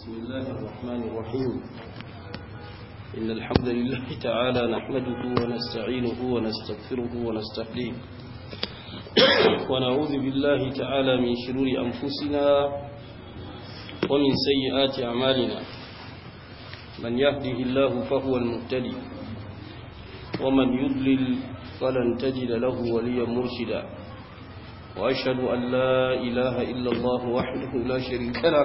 بسم الله الرحمن الرحيم إن الحمد لله تعالى نحمده ونستعينه ونستغفره ونستهديه ونعوذ بالله تعالى من شرور أنفسنا ومن سيئات أعمالنا من يهده الله فهو المهتدي ومن يضلل فلن تجد له وليا مرشدا وأشهد أن لا إله إلا الله وحده لا شريك له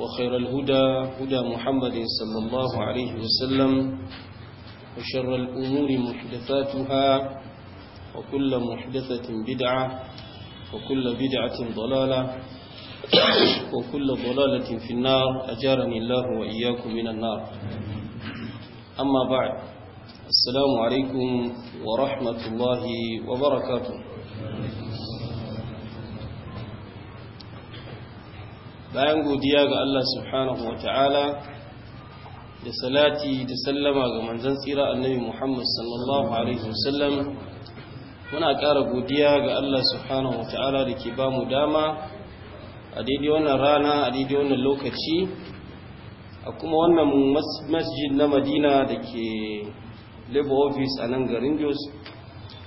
وخير الهدى هدى محمد صلى الله عليه وسلم وشر الأمور محدثاتها وكل محدثة بدعة وكل بدعة ضلالة وكل ضلالة في النار أجارني الله وإياكم من النار أما بعد السلام عليكم ورحمة الله وبركاته bayan godiya ga Allah subhanahu wa ta'ala da salati da sallama ga manzan tsira annabi Muhammad sallallahu alaihi wasallam muna ƙara godiya ga Allah subhanahu wa ta'ala da ke ba mu dama a daidai wannan rana a daidai wannan lokaci a kuma wannan masjid na Madina da ke labor Office a nan garin Jos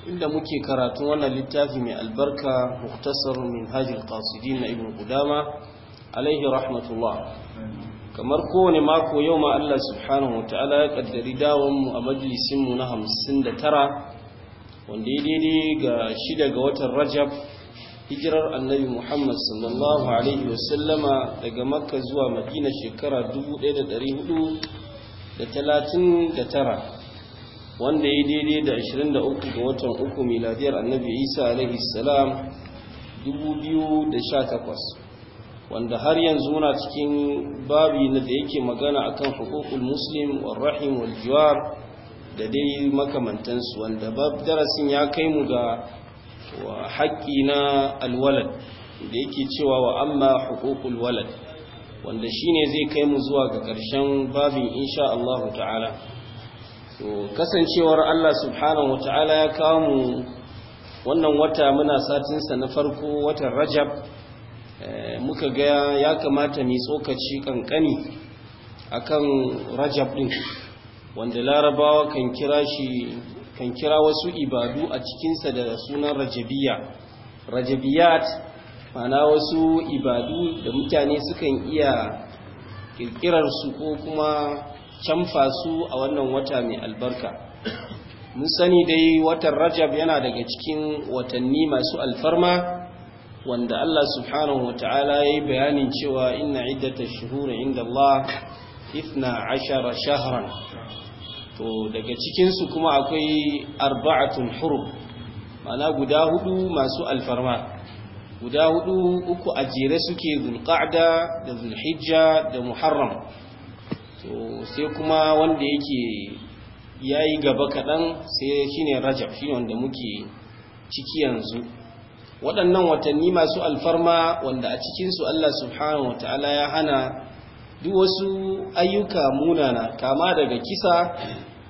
inda muke karatun wannan littafi mai albarka muktasar min hajjil na ibn Qudama alaihi rahmatullah kamar kowane mako yau ma Allah subhanahu wa ta'ala ya kaddari dawonmu a majalisinmu na hamsin da tara wanda ya daidai ga shida ga watan rajab hijirar annabi muhammad sallallahu alaihi wasallama daga makka zuwa madina shekara 1439 wanda ya daidai da 23 ga watan uku miladiyar annabi isa alaihi salam 2018 wanda har yanzu muna cikin babi na da yake magana akan hukukul muslim wa rahim wal jiwar da dai makamantansu wanda bab darasin ya kai mu ga wa haƙƙi na alwalad da yake cewa wa amma hukukul walad wanda shine zai kai mu zuwa ga ƙarshen babin insha Allah ta'ala to kasancewar Allah subhanahu ta'ala ya kawo mu wannan wata muna satinsa na farko watan Rajab Eh, muka ga ya kamata mai tsokaci kankani akan rajab din wanda larabawa kan kira shi kan kira wasu ibadu a cikinsa da sunan rajabiya rajabiyat mana wasu ibadu da mutane sukan iya kirkirarsu ko kuma camfa su a wannan wata mai albarka mun sani dai watan rajab yana daga cikin watanni masu alfarma wanda Allah subhanahu wa ta'ala ya yi bayanin cewa inna iddata shuhuri inda Allah ifna ashara shahran to daga cikinsu kuma akwai arba'atun hurub mana guda hudu masu alfarma guda hudu uku a jere suke zulqa'da da zulhijja da muharram to sai kuma wanda yake yayi gaba kaɗan sai shine rajab shine wanda muke ciki yanzu waɗannan watanni masu alfarma wanda a cikinsu Allah subhanahu wa ta'ala ya hana duk wasu ayyuka munana kama daga kisa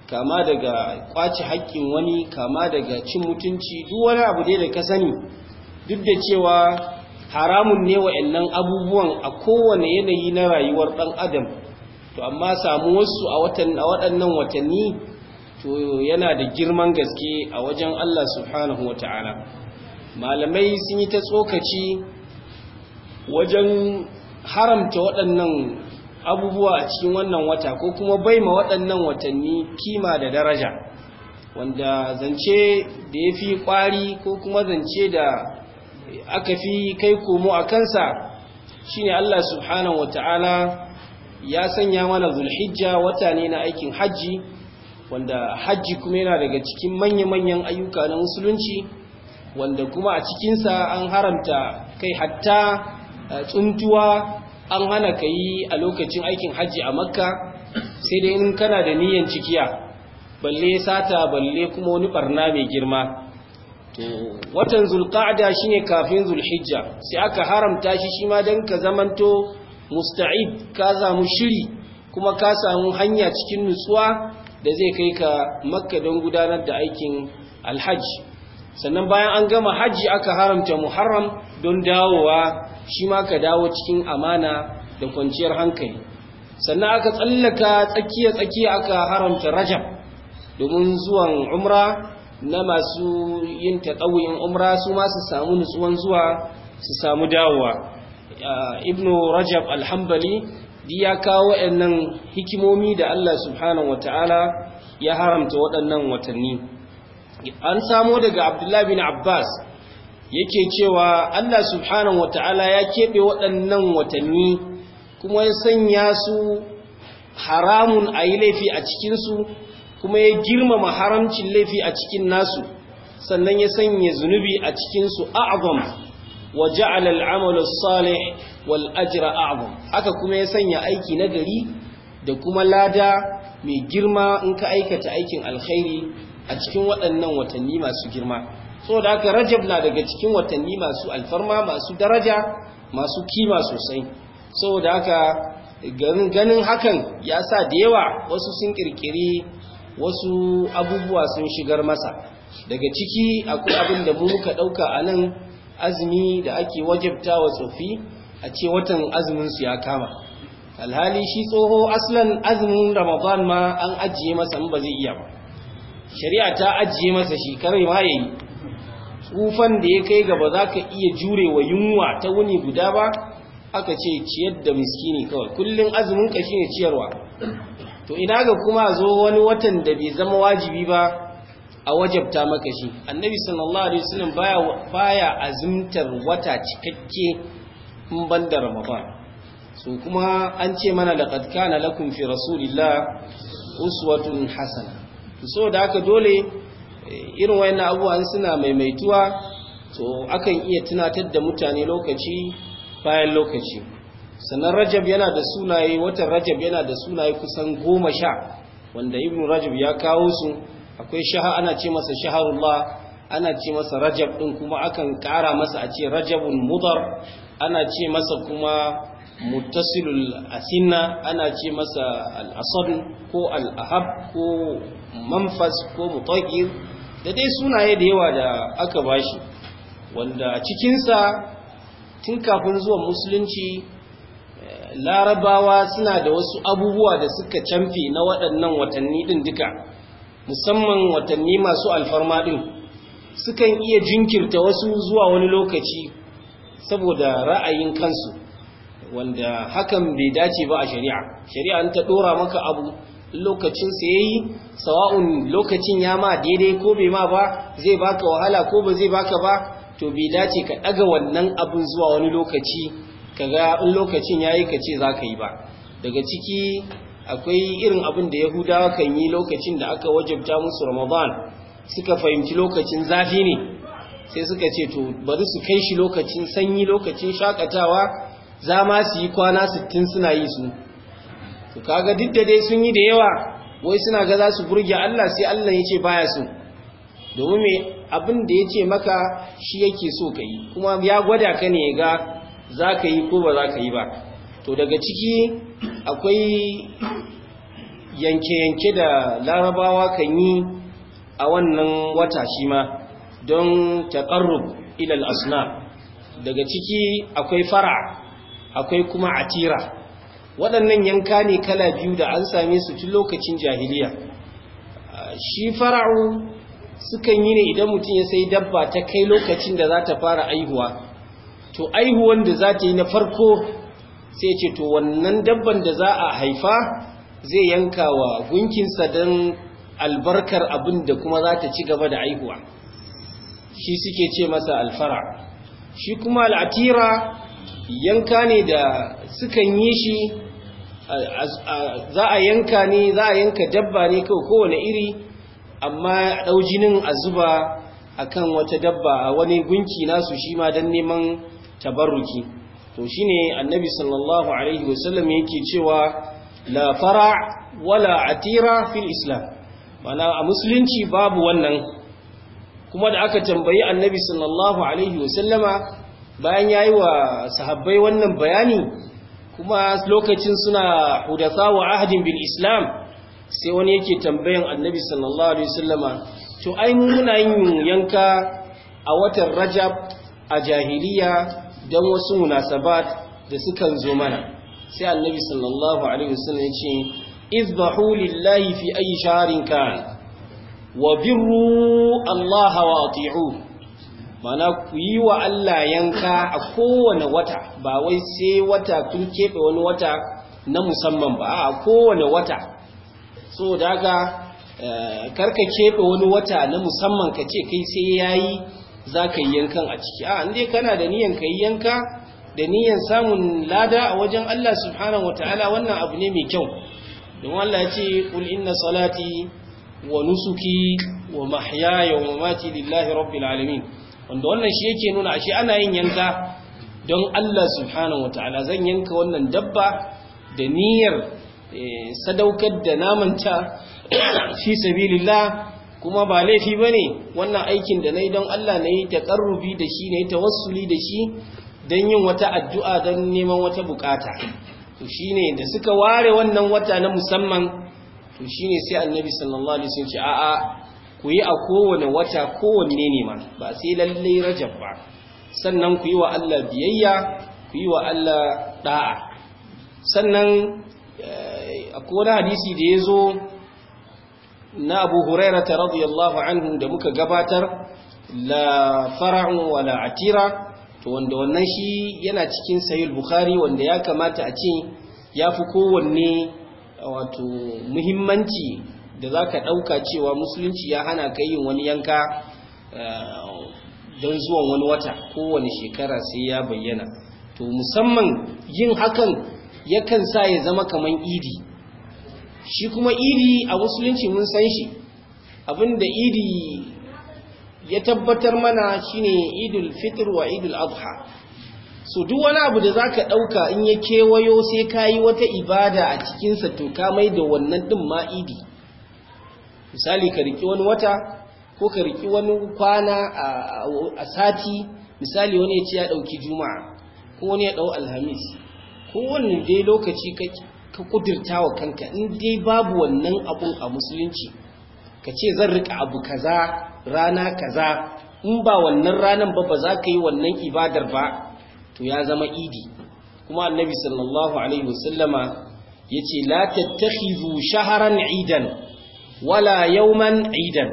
kama daga kwaci haƙƙin wani kama daga cin mutunci duk wani abu dai da ka sani duk da cewa haramun ne wa'annan abubuwan a kowane yanayi na rayuwar ɗan adam to amma samu wasu a waɗannan watanni to yana da girman gaske a wajen Allah subhanahu wa ta'ala malamai sun yi ta tsokaci wajen haramta waɗannan abubuwa a cikin wannan wata ko kuma bai ma waɗannan watanni kima da daraja wanda zance da ya fi ƙwari ko kuma zance da aka fi kai komo a kansa shine Allah subhanahu wata'ala ya sanya mana zulhijja wata ne na aikin hajji wanda hajji kuma yana daga cikin manya-manyan ayyuka na musulunci wanda kuma a cikinsa an haramta kai hatta eh, tsuntuwa an hana ka yi a lokacin aikin hajji a makka sai dai in kana da niyan cikiya balle sata balle kuma wani barna mai girma watan zulqa'da shine kafin zulhijja sai aka haramta shi shi ma dan ka zamanto musta'id ka samu shiri kuma ka samu hanya cikin nutsuwa da zai kai ka makka don gudanar da aikin alhaji sannan bayan an gama hajji aka haramta muharram don dawowa shi ma ka dawo cikin amana da kwanciyar hankali sannan aka tsallaka tsakiya-tsakiya aka haramta rajab domin zuwan umra na masu yin taɗawuyin umra su ma su samu nutsuwan zuwa su samu dawowa ah, ibnu rajab alhambali di ya kawo waɗannan hikimomi da allah subhanahu ta'ala ya haramta waɗannan watanni an samo daga abdullahi bin abbas yake cewa allah subhanahu ta'ala ya keɓe waɗannan watanni kuma ya sanya su haramun a yi laifi a cikinsu kuma ya girmama haramcin laifi a cikin nasu sannan ya sanya zunubi a cikinsu a'azam wa ja'alal al'amalu salih wal ajra a'zam haka kuma ya sanya aiki nagari da kuma lada mai girma in ka aikata aikin alkhairi a cikin waɗannan watanni masu girma saboda haka rajab na daga cikin watanni masu alfarma masu daraja masu kima sosai saboda haka ganin hakan ya sa da yawa wasu sun kirkiri wasu abubuwa sun shigar masa daga ciki akwai abin da mu muka ɗauka a nan azumi da ake wajabta wa tsofi a ce watan azuminsu ya kama alhali shi tsoho aslan azumin ramadan ma an ajiye masa in ba zai iya ba shari'a ta ajiye masa shi kare ma yayi tsufan da ya kai gaba za ka iya jure wa yunwa ta wuni guda ba aka ce ciyar da miskini kawai kullum azumin ka shine ciyarwa to ina ga kuma zo wani watan da bai zama wajibi ba a wajabta maka shi annabi sallallahu alaihi wasallam baya baya azumtar wata cikakke in ban da ramadan so kuma an ce mana laqad kana lakum fi rasulillah uswatun hasana so da haka dole eh, irin wayannan abubuwa suna maimaituwa to akan iya tunatar da mutane lokaci bayan lokaci sannan rajab yana da sunaye watan rajab yana da sunaye kusan goma sha wanda ibn rajab ya kawo su akwai shaha ana ce masa shaharullah ana ce masa rajab din kuma akan kara masa a ce rajabun mudar ana ce masa kuma mutasilul asinna ana ce masa al'asad ko al'ahab ko manfas ko mutagir da dai sunaye da yawa da aka bashi wanda cikinsa tun kafin zuwa musulunci eh, larabawa suna da wasu abubuwa da suka camfi na waɗannan watanni ɗin duka musamman watanni masu alfarma ɗin sukan iya jinkirta wasu zuwa wani lokaci saboda ra'ayin kansu wanda hakan bai dace ba a shari'a shari'a ta dora maka abu lokacin sa yayi sawa'un lokacin ya ma daidai ko bai ma ba zai baka wahala ko ba zai baka ba to bai dace ka daga wannan abun zuwa wani lokaci kaga in lokacin yayi ka ce zaka yi ba daga ciki akwai irin abin da yahudawa kan yi lokacin da aka wajabta musu ramadan suka fahimci lokacin zafi ne sai suka ce to bari su kai shi lokacin sanyi lokacin shakatawa za ma su yi kwana sittin suna yi su to kaga duk da dai sun yi da yawa wai suna ga za su burge Allah sai Allah ya ce baya su domin me abin da ya ce maka shi yake so ka yi kuma ya gwada ka ne ga za ka yi ko ba za ka yi ba to daga ciki akwai yanke-yanke da larabawa kan yi a wannan wata shi ma don taƙarru ilal asna daga ciki akwai fara akwai kuma atira waɗannan yanka ne kala biyu da an same su tun lokacin jahiliya shi fara'u sukan yi ne idan mutum ya sai dabba ta kai lokacin da za ta fara aihuwa to aihuwan da za ta yi na farko sai ce to wannan dabban da za a haifa zai yanka wa gunkinsa don albarkar abin da kuma za ta ci gaba da aihuwa shi suke ce masa alfara shi kuma al'atira yanka ne da sukan yi shi za a yanka ne za a yanka dabba ne kawai kowane iri amma ɗau jinin a zuba a kan wata dabba a wani gunki nasu shi ma don neman tabarruki to shi ne annabi sallallahu alaihi wasallam yake cewa la fara wala atira fil islam mana a musulunci babu wannan kuma da aka tambayi annabi sallallahu alaihi wasallama bayan ya yi wa sahabbai wannan bayani kuma lokacin suna hudasa wa ahadin bin islam sai wani yake tambayan annabi sallallahu alaihi wasallama to ai muna yin yanka a watan rajab a jahiliya don wasu munasabat da sukan zo mana sai annabi sallallahu alaihi wasallam ya ce izbahu lillahi fi ayi shahrin kan wa birru allaha wa ati'u mana ku yi wa Allah yanka a kowane wata ba wai sai wata kun keɓe wani wata na musamman ba a kowane wata so daga eh, karka keɓe wani wata na musamman ka ce kai sai ya yi za ka yi yankan a ciki a inda kana da niyan ka yi yanka da niyan samun lada a wajen Allah subhanahu wata'ala wannan abu ne mai kyau don Allah ya ce kul inna salati wa nusuki wa mahyaya wa mamati lillahi rabbil alamin wanda wannan shi yake nuna ashe ana yin yanka don Allah subhanahu wataala zan yanka wannan dabba da niyyar eh, sadaukar da namanta fi sabilillah kuma ba laifi bane wannan aikin da nayi don Allah nayi taqarrubi da shi ta wasuli da shi don yin wata addu'a don neman wata bukata to shine da suka ware wannan wata na musamman to shine sai annabi sallallahu alaihi wasallam ce a'a ku yi a kowane wata kowanne ne ma ba sai lallai rajab ba sannan ku yi wa Allah biyayya ku yi wa Allah da'a sannan eh, a wani hadisi da ya zo na abu huraira ta radiyallahu anhu da muka gabatar la fara'un wala atira to wanda wannan shi yana cikin sayil bukhari wanda ya kamata a ce ya fi kowanne wato muhimmanci da za ka ɗauka cewa musulunci ya hana ka yin wani yanka eh, don zuwan wani wata kowane shekara sai ya bayyana to musamman yin hakan yakan sa ya zama kaman idi shi kuma idi a musulunci mun san shi abinda idi ya tabbatar mana shine idul fitr wa idul adha so duk wani abu da za ka ɗauka in ya kewayo sai ka yi wata ibada a cikinsa to ka mai da wannan ɗin ma idi misali ka riki wani wata ko ka riki wani kwana a sati misali wani ya ce ya ɗauki juma'a ko wani ya ɗau alhamis ko wani dai lokaci ka kudurta wa kanka in dai babu wannan abun a musulunci ka ce zan rika abu kaza rana kaza in ba wannan ranar ba ba za ka yi wannan ibadar ba to ya zama idi kuma annabi sallallahu alaihi wasallama ya ce la tattakhidhu shaharan idan wala yawman idan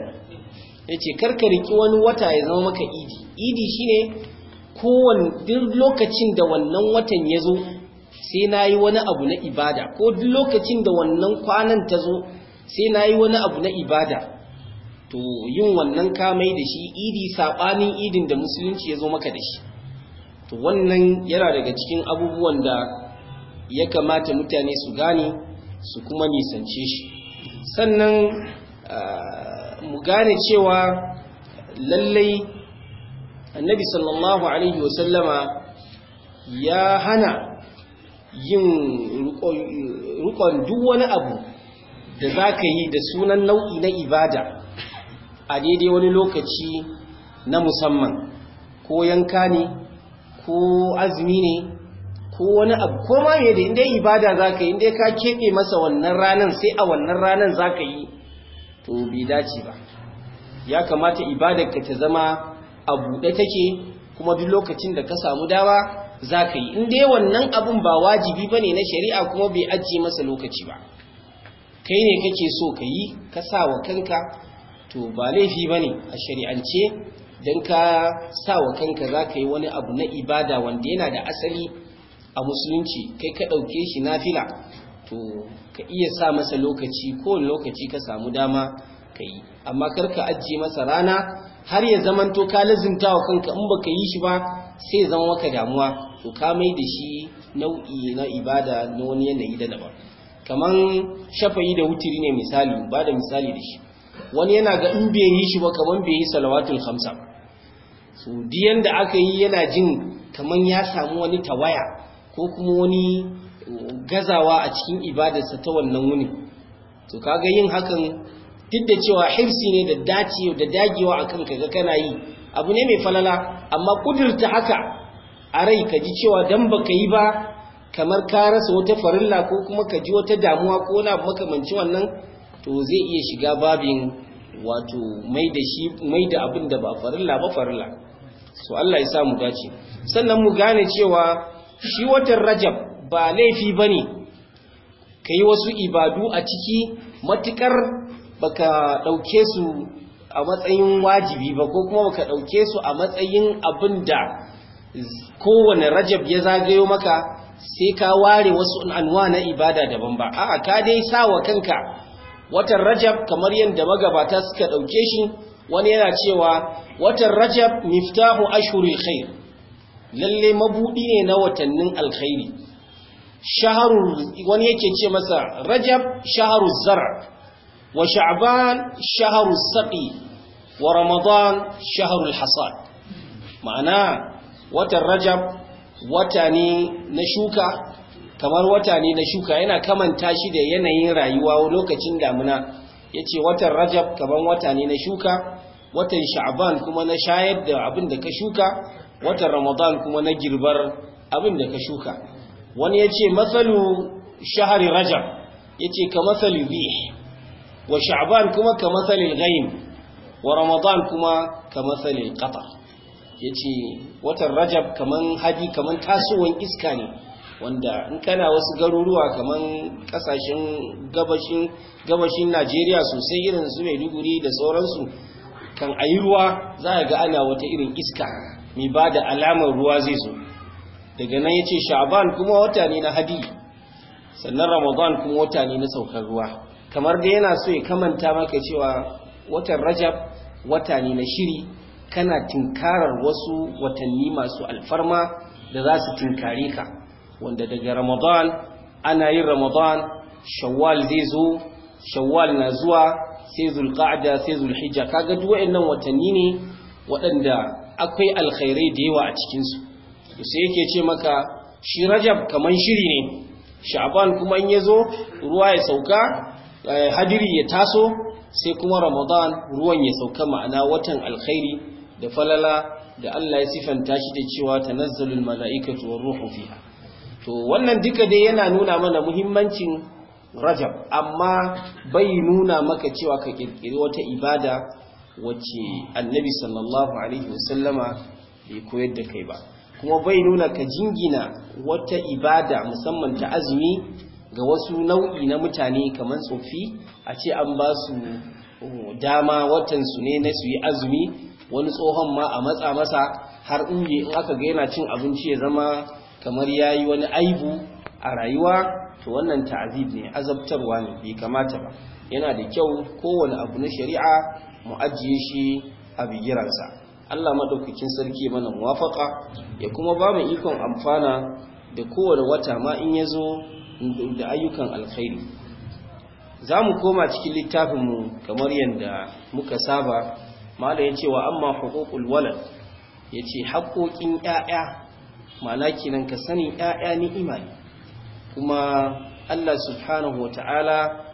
yace ka riki wani wata ya zama maka idi idi shine kowane duk lokacin da wannan watan ya zo sai na yi wani abu na ibada ko duk lokacin da wannan kwanan ta zo sai na yi wani abu na ibada to yin wannan kamai da shi idi saɓanin idin da musulunci ya zo maka da shi to wannan yana daga cikin abubuwan da ya kamata mutane su gane su kuma nisance shi sannan ah, mu gane cewa lallai annabi sallallahu alaihi wasallama ya hana yin rukon duk wani abu da za ka yi da sunan nau'i na ibada a daidai wani lokaci na musamman ko yanka ne ko azumi ne ko wani abu ko ma me da inda ibada zaka yi inda ka keɓe masa wannan ranar, sai a wannan ranar za ka yi to bai dace ba ya kamata ibadar ka ta zama a buɗe take kuma duk lokacin da ka samu dama ka yi inda wannan abun ba wajibi ba ne na shari'a kuma bai ajiye masa lokaci ba kai ne kake so ka yi ka sa wa kanka to ba laifi ba ne a shari'ance don ka sa wa kanka za ka yi wani abu na ibada wanda yana da asali a musulunci kai ka ɗauke shi nafila to ka iya sa masa lokaci ko lokaci ka samu dama ka yi amma karka ajiye masa rana har ya zamanto ka lazimta wa kanka in baka yi shi ba sai zama maka damuwa to ka mai da shi nau'i na ibada na wani yanayi da daban kaman yi da wuturi ne misali ba da misali da shi wani yana ga in bai yi shi ba kaman bai yi salawatul hamsa so diyan da aka yi yana jin kamar ya samu wani tawaya ko kuma wani gazawa a cikin ibadarsa ta wannan wuni to kaga yin hakan duk da cewa hirsi ne da dace da dagewa akan kaga kana yi abu ne mai falala amma kudurta haka a rai ka ji cewa dan baka yi ba kamar ka rasa wata farilla ko kuma ka ji wata damuwa ko na makamanci wannan to zai iya shiga babin wato mai da shi mai da abin da ba farilla ba farilla so Allah ya sa mu dace sannan mu gane cewa shi watan rajab ba laifi ba ne ka yi wasu ibadu a ciki matukar baka ɗauke su a matsayin wajibi ba ko kuma baka ɗauke su a matsayin abin da kowane rajab ya zagayo maka sai ka ware wasu anwa na ibada daban ba a'a ka dai sa wa kanka watan rajab kamar yadda magabata suka ɗauke shi wani yana cewa watan rajab miftahu ashuri khair lalle mabudi ne na watannin alkhairi shaharu wani yake ce masa rajab shaharu zar wa sha'ban shaharu saqi wa ramadan shaharu hasad ma'ana watan rajab wata ne na shuka kamar wata ne na shuka yana kamanta shi da yanayin rayuwa lokacin damuna yace watan rajab kamar wata ne na shuka watan sha'ban kuma na shayar da abin da ka shuka watan ramadan kuma na girbar abin da ka shuka wani ya ce matsalu shahari rajab ya ce ka matsalu zih wa sha'ban kuma ka matsalin gayin wa ramadan kuma ka matsalin qatar ya ce watan rajab kaman hadi kaman tasowar iska ne wanda in kana wasu garuruwa kaman kasashen gabashin najeriya sosai irin su maiduguri da sauransu kan ayi ruwa za a ga ana wata irin iska mai ba da alamar ruwa zai zo daga nan ya ce sha'aban kuma wata ne na hadi sannan ramadan kuma wata ne na saukar ruwa kamar da yana so ya kamanta maka cewa watan rajab wata ne na shiri kana tinkarar wasu watanni masu alfarma da za su tinkare ka wanda daga ramadan ana yin ramadan shawwal zai zo shawwal na zuwa sai zulqa'da sai zulhijja kaga duk waɗannan watanni ne waɗanda akwai alkhairai da yawa a cikinsu sai yake ce maka shi rajab kamar shiri ne sha'ban kuma in ya zo ruwa ya sauka eh, hadiri ya taso sai kuma ramadan ruwan ya sauka ma'ana watan alkhairi da falala da Allah ya sifanta shi da cewa tanazzalul mala'ikatu war ruhu fiha to wannan duka dai yana nuna mana muhimmancin rajab amma bai nuna maka cewa ka kirkiri wata ibada wacce annabi sallallahu alaihi wasallama bai koyar da kai ba kuma bai nuna ka jingina wata ibada musamman ta azumi ga wasu nau'i na mutane kamar tsofi a ce an ba su uh, dama watansu ne na su yi azumi wani tsohon ma a matsa masa har in aka ga yana cin abinci ya zama kamar ya yi wani aibu a rayuwa to wannan ta'azib ne azabtarwa ne bai kamata ba yana da kyau kowane abu na shari'a mu ajiye shi a bigiransa Allah madaukakin sarki mana muwafaka ya kuma ba mu ikon amfana da kowane wata ma in ya zo da ayyukan alkhairi za mu koma cikin littafinmu kamar yadda muka saba mala ya ce wa amma hukukul walad ya ce haƙoƙin ‘ya'ya mana kinan ka sani ‘ya'ya ni'ima ne kuma Allah subhanahu wa ta'ala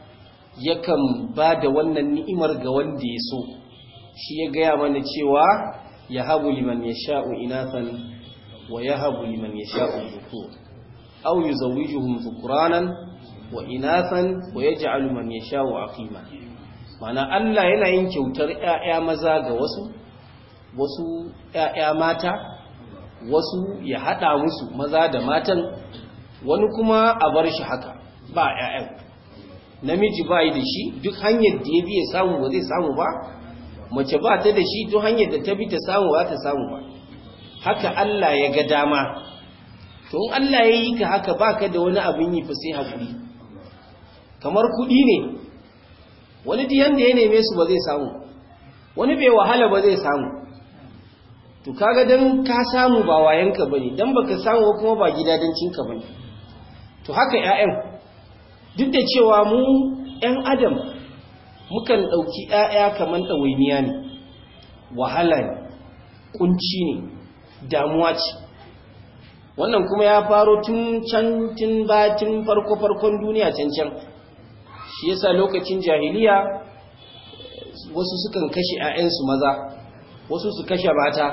yakan ba da wannan ni'imar ga wanda ya so shi ya gaya mana cewa ya habu liman ya sha'u inatan wa ya habu liman ya sha'u zuku au yi zawijuhun zukuranan wa inatan wa ya ji aluman ya sha'u fima mana Allah yana yin kyautar 'ya'ya maza ga wasu wasu 'ya'ya mata wasu ya haɗa musu maza da matan wani kuma a bar shi haka ba 'ya'yan namiji ba yi da shi duk hanyar da ya biya samu ba zai samu ba mace ba ta da shi duk hanyar da ta bi ta samu ba ta samu ba haka Allah ya ga dama to Allah ya yi ka haka baka da wani abin yi fa sai hakuri kamar kuɗi ne wani diyan da ya neme su ba zai samu wani bai wahala ba zai samu to kaga dan ka samu ba wayanka bane dan baka samu kuma ba gidadancinka bane to haka ƴaƴan duk da cewa mu 'yan adam mukan ɗauki 'ya'ya kamar ɗawainiya ne wahala ne ƙunci ne damuwa ce wannan kuma ya faro tun can tun ba tun farko-farkon duniya can can shi yasa lokacin jahiliya wasu sukan kashe 'ya'yansu maza wasu su kashe mata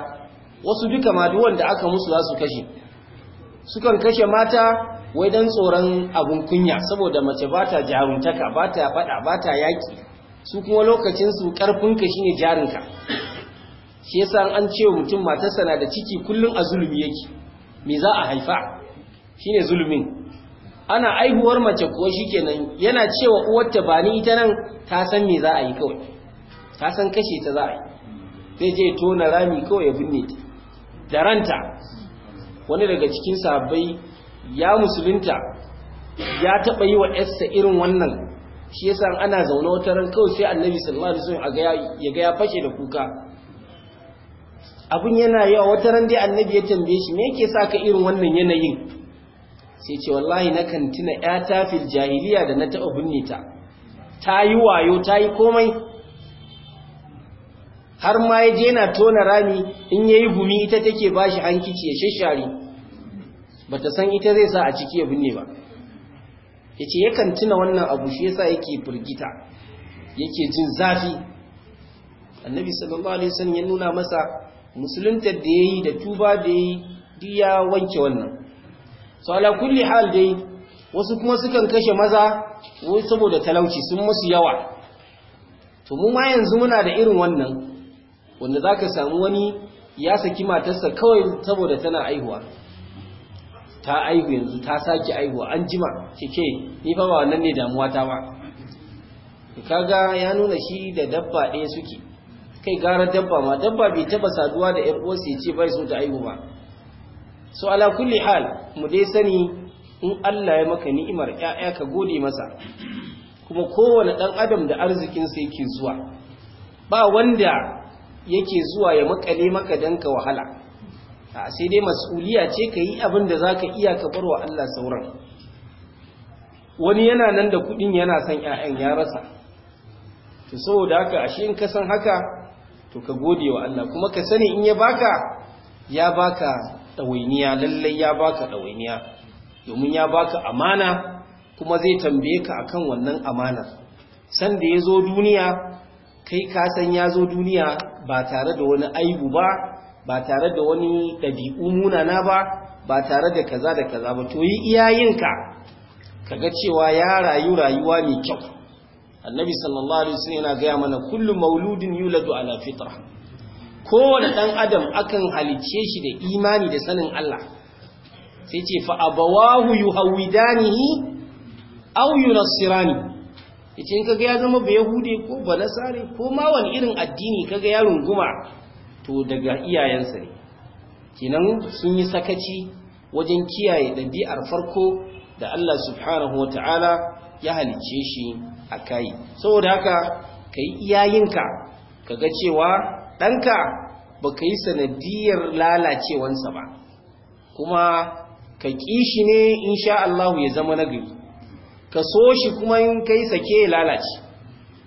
wasu duka maduwan wanda aka musu za su kashe sukan kashe mata wai dan tsoron abun kunya saboda mace ba ta jaruntaka ba ta faɗa ba ta yaƙi su kuma lokacinsu ƙarfinka shi ne jarinka shi yasa an ce mutum matarsa na da ciki kullum a zulumi yake me za a haifa shi ne zulumin ana aihuwar mace kuwa shi kenan yana cewa uwarta ba ni ita nan ta san me za a yi kawai ta san kashe ta za a yi zai je tona rami kawai ya binne ta da ranta wani daga cikin sahabbai ya musulunta ya taɓa yi wa yarsa irin wannan shi yasa ana zaune wata ran kawai sai annabi sallallahu alaihi wasallam ya ga ya fashe da kuka abun yana yawa wata ran dai annabi ya tambaye shi me yake sa ka irin wannan yanayin sai ce wallahi na kan tuna ta fil jahiliya da na taɓa binne ta ta yi wayo ta yi komai har ma ya je yana tona rami in yayi gumi ita take bashi hankici ya shashare Ba ta san ita zai sa a ciki ya binne ba Ya ce yakan tuna wannan abu shi yasa yake firgita yake jin zafi annabi sallallahu alaihi wasallam ya nuna masa musulunta da yayi da tuba da yayi duk ya wanke wannan so ala kulli hal dai wasu kuma sukan kashe maza wai saboda talauci sun musu yawa to mu ma yanzu muna da irin wannan wanda zaka samu wani ya saki matarsa kawai saboda tana aihuwa ta aihu yanzu ta sake aihu an jima kike ni fa ba wannan ne damuwa ta ba kaga ya nuna shi da dabba ɗaya suke kai gara dabba ma dabba bai taba saduwa da 'yar uwarsa ya ce bai so ta aihu ba so ala kulli hal mu dai sani in Allah ya maka ni'imar ƴaƴa ka gode masa kuma kowane ɗan adam da arzikin arzikinsa yake zuwa ba wanda yake zuwa ya makale maka danka wahala a sai dai mas'uliya ce ka yi abin da za ka iya ka bar wa Allah sauran wani yana nan da kudin yana son 'ya'yan ya rasa to saboda haka ashe in ka san haka to ka gode wa Allah kuma ka sani in ya baka ya baka ɗawainiya lallai ya baka ɗawainiya domin ya baka amana kuma zai tambaye ka akan wannan amana. sanda ya zo duniya kai ka san ya zo duniya ba tare da wani aibu ba ba tare da wani ɗabi'u munana ba ba tare da kaza da kaza ba to yi ka ga cewa ya rayu rayuwa mai kyau annabi sallallahu alaihi wasallam yana gaya mana kullum mauludin yuladu ala fitra kowane ɗan adam akan halice shi da imani da sanin Allah sai ce fa abawahu yuhawidanihi aw yunassirani yace in kaga ya zama ba yahude ko ba nasare ko ma wani irin addini kaga ya runguma to daga iyayensa ne kinan sun yi sakaci wajen kiyaye ɗabi'ar farko da Allah subhanahu wa ta'ala ya halicce shi a kai saboda haka ka yi iyayenka ka ga cewa ɗanka ba ka yi sanadiyar lalacewansa ba kuma ka ƙi shi ne in shaAllahu ya zama na gari. ka so shi kuma in kai sake lalace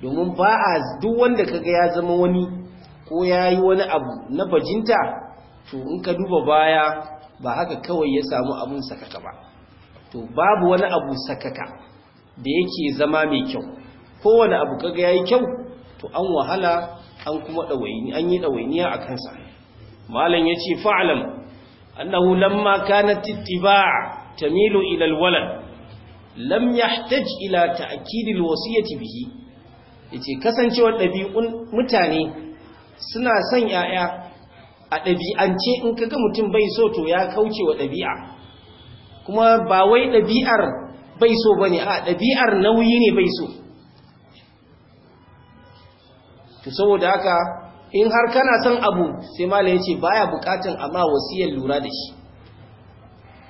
domin ba a duk wanda ka ga ya zama wani ko ya yi wani abu na bajinta to in ka duba baya ba haka kawai ya samu abun sakaka ba to babu wani abu sakaka da yake zama mai kyau kowane abu kaga ya yi kyau to an wahala an kuma ɗawaini an yi ɗawainiya a kansa malam ya ce fa'alam annahu lamma kanat ittiba'a tamilu ilal walad lam yahtaj ila takidil alwasiyati bihi yace kasancewar ɗabi'un mutane suna son ‘ya'ya a ɗabi'ance in kaga mutum bai so to ya kauce wa ɗabi'a kuma ba wai ɗabi'ar bai so ba ne a ɗabi'ar nauyi ne bai so to saboda haka in har kana son abu sai mala ya ce baya bukatan amma wasiyar lura da shi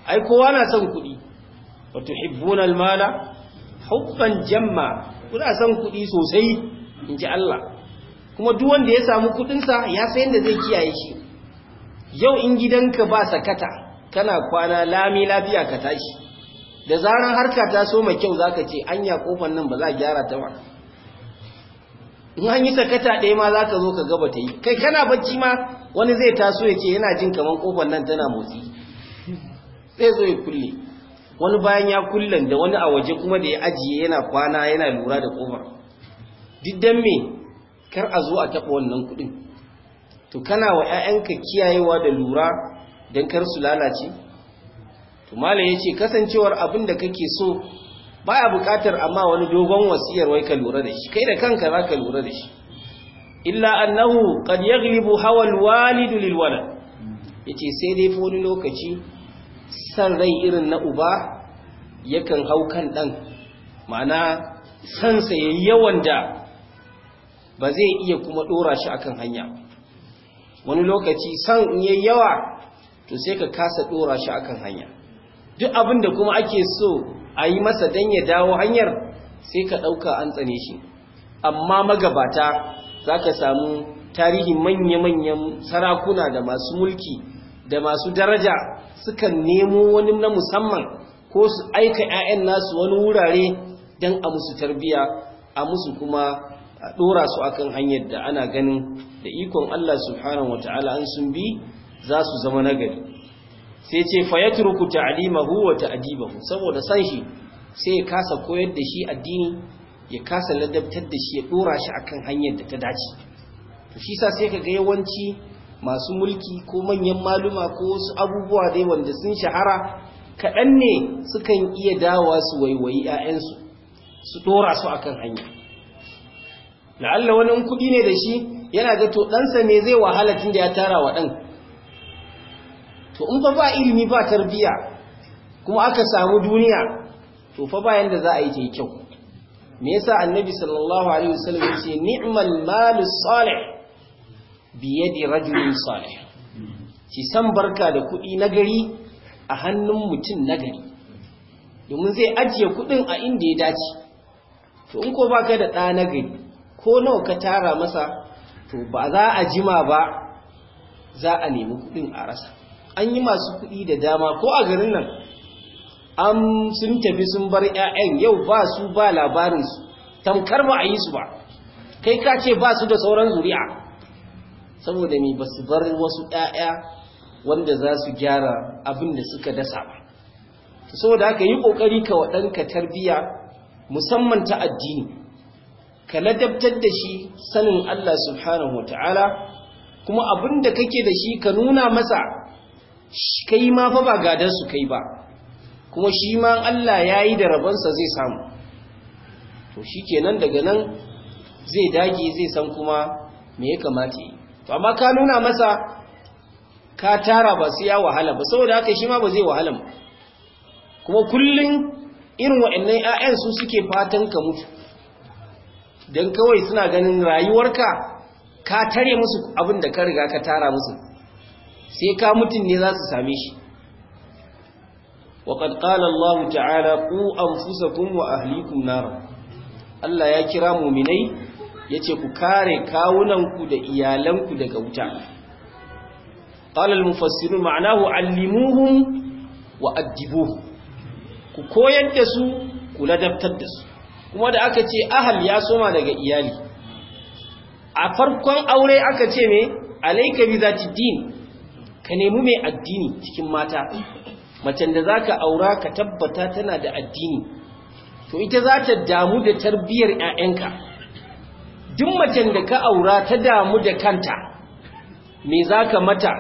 ai kowa na son kuɗi wato hibbunan mala hubban jamma kuna son kuɗi sosai in ji Allah kuma duk wanda ya samu kudinsa ya sayan da zai kiyaye shi yau in gidanka ba sakata kana kwana lami lafiya ka tashi da zaran harka ta so mai kyau zaka ce anya kofar nan ba za a gyara ta ba in an yi sakata ɗaya ma zaka zo ka gaba ta yi kai kana bacci ma wani zai taso ya ce yana jin kamar kofar nan tana motsi zai zo ya kulle wani bayan ya kullen da wani a waje kuma da ya ajiye yana kwana yana lura da kofar dan me kar a zo a taɓa wannan kuɗin to kana wa 'ya'yanka kiyayewa da lura don kar su lalace to malam ya ce kasancewar abin da kake so baya buƙatar amma wani dogon wasiyar wai ka lura da shi kai da kanka za ka lura da shi illa annahu qad yaghlibu hawa alwalid Ya yace sai dai fa wani lokaci san rai irin na uba yakan hau kan ɗan, ma'ana san sa yayi yawan da ba zai iya kuma dora shi akan hanya wani lokaci san in yayi yawa to sai ka kasa dora shi akan hanya duk abin da kuma ake so a yi masa dan ya dawo hanyar sai ka ɗauka an tsane shi amma magabata za ka samu tarihin manya-manyan sarakuna da masu mulki da masu daraja sukan nemo wani na musamman ko su aika 'ya'yan nasu wani wurare don a musu tarbiya a musu kuma a ɗora su akan hanyar da ana ganin da ikon Allah subhanahu wataala an sun bi za su zama nagari sai ce ku ta'limahu wa ta'dibahu saboda san shi sai ya kasa koyar da shi addini ya kasa ladabtar da shi ya ɗora shi akan hanyar da ta dace to shi sa sai kaga yawanci masu mulki ko manyan maluma ko wasu abubuwa dai wanda sun shahara kaɗan ne sukan iya dawa su waiwayi 'ya'yansu su dora su akan hanya la'alla wani in kuɗi ne da shi yana ga to ɗansa ne zai wahala tun da ya tara wa ɗan to in fa ba ilimi ba tarbiya kuma aka samu duniya to fa bayan da za a yi ta yi kyau me yasa annabi sallallahu alaihi wasallam ya ce ni'mal malus salih bi yadi rajulin salih ci san barka da kuɗi na gari a hannun mutum na gari domin zai ajiye kuɗin a inda ya dace to in ko baka da ɗa na gari ko nawa ka tara masa to ba za a jima ba za a nemi kudin a rasa an yi masu kudi da dama ko a garin nan an sun tafi sun bar 'ya'yan yau ba su ba labarinsu tamkar ba a yi su ba kai ka ce ba su da sauran zuri'a saboda ne ba su bar wasu 'ya'ya wanda za su gyara abin da suka dasa ba saboda haka yi ƙoƙari ka waɗanka tarbiyya musamman ta addini ka ladabtar da shi sanin Allah subhanahu Ta'ala, kuma abin da kake da shi ka nuna masa kai ma fa ba gadar su kai ba kuma shi ma Allah ya yi da rabonsa zai samu to shi nan daga nan zai dage zai san kuma me ya kamata yi to amma ka nuna masa ka tara ba su ya wahala ba saboda haka shi ma ba zai wahala ba kuma kullum irin waɗannan 'ya'yan su suke fatan ka mutu don kawai suna ganin rayuwarka ka tare musu abin da ka riga ka tara musu sai ka mutum ne za su same shi waƙad ƙala Allah ta'ala ku an fusa wa ahlikum nara Allah ya kira muminai ya ce ku kare kawunanku da iyalanku daga wuta ƙalal mufassirun hu allimuhun wa addibu ku koyar da su ku ladabtar da su kuma da aka ce ahal ya soma daga iyali a farkon aure aka ce me alaika bi zati din ka nemi mai addini cikin mata macen da za ka aura ka tabbata tana da addini to ita za ta damu da tarbiyar 'ya'yanka, duk macen da ka aura ta damu da kanta me zaka mata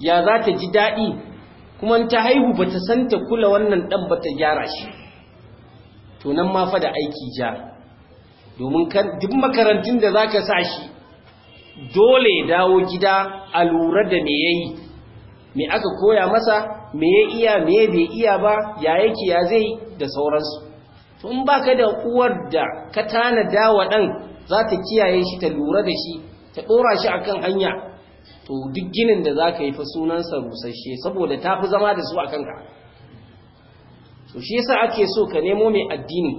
ya za ta ji daɗi kuma ta haihu ba ta santa kula wannan ɗan ba ta gyara shi to nan ma fa da aiki ja domin duk makarantun da zaka sa shi dole dawo gida a lura da me yayi me aka koya masa me ya iya me bai iya ba ya yake ya zai da sauransu to in baka da uwar da ka tanada dawa dan za ta kiyaye shi ta lura da shi ta dora shi akan hanya to duk ginin da za ka yi fa sunansa rusashe saboda tafi zama da su a kanka. to shi yasa ake so ka nemo mai addini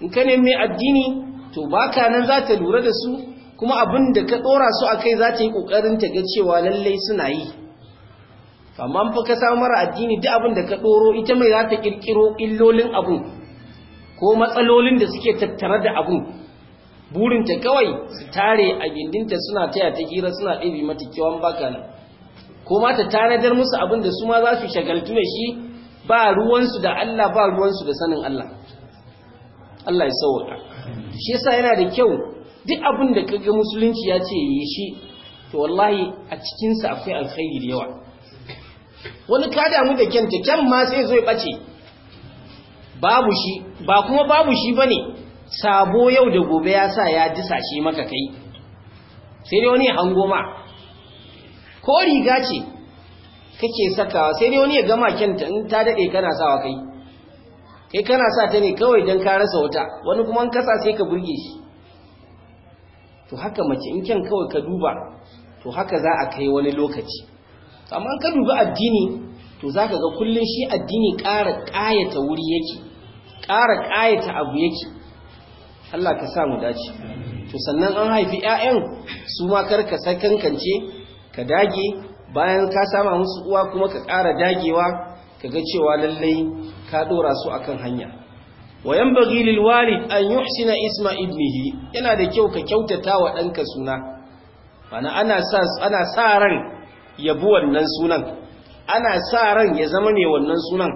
in ka nemi addini to baka nan za ta lura da su kuma abin da ka dora su a kai za ta yi ƙoƙarin ta ga cewa lallai suna yi amma fa ka samu mara addini duk abin da ka doro ita mai za ta ƙirƙiro illolin abu ko matsalolin da suke tattare da Burin burinta kawai su tare a gindinta suna taya ta hira suna ɗabi mata kyawan baka nan ko ma ta tanadar musu abin da su ma za su shagaltu da shi ba ruwansu da Allah ba ruwansu da sanin Allah Allah ya sauwaka shi yasa yana da kyau duk abin da kaga musulunci ya ce yi shi to wallahi a cikinsa akwai alkhairi da yawa wani ka damu da kyanta kyan ma sai zai ya bace babu shi ba kuma babu shi bane sabo yau da gobe ya sa ya disa shi maka kai sai dai wani hango ma ko riga ce kake sakawa sai dai wani ya gama kyanta in ta daɗe kana sawa kai kai kana sa ta ne kawai don ka rasa wata wani kuma an kasa sai ka burge shi to haka mace in kyan kawai ka duba to haka za a kai wani lokaci amma ka duba addini to za ka ga kullum shi addini ƙara ƙayata wuri yake ƙara ƙayata abu yake Allah ka sa mu dace to sannan an haifi 'ya'yan su ma karka sakankance ka dage bayan ka sama musu uwa kuma ka ƙara dagewa ka ga cewa lallai ka ɗora su akan hanya wa yan bagi walid an yuhsina isma ibnihi yana da kyau ka kyautata wa ɗanka suna mana ana sa ran yabu wannan sunan ana sa ran ya zama mai wannan sunan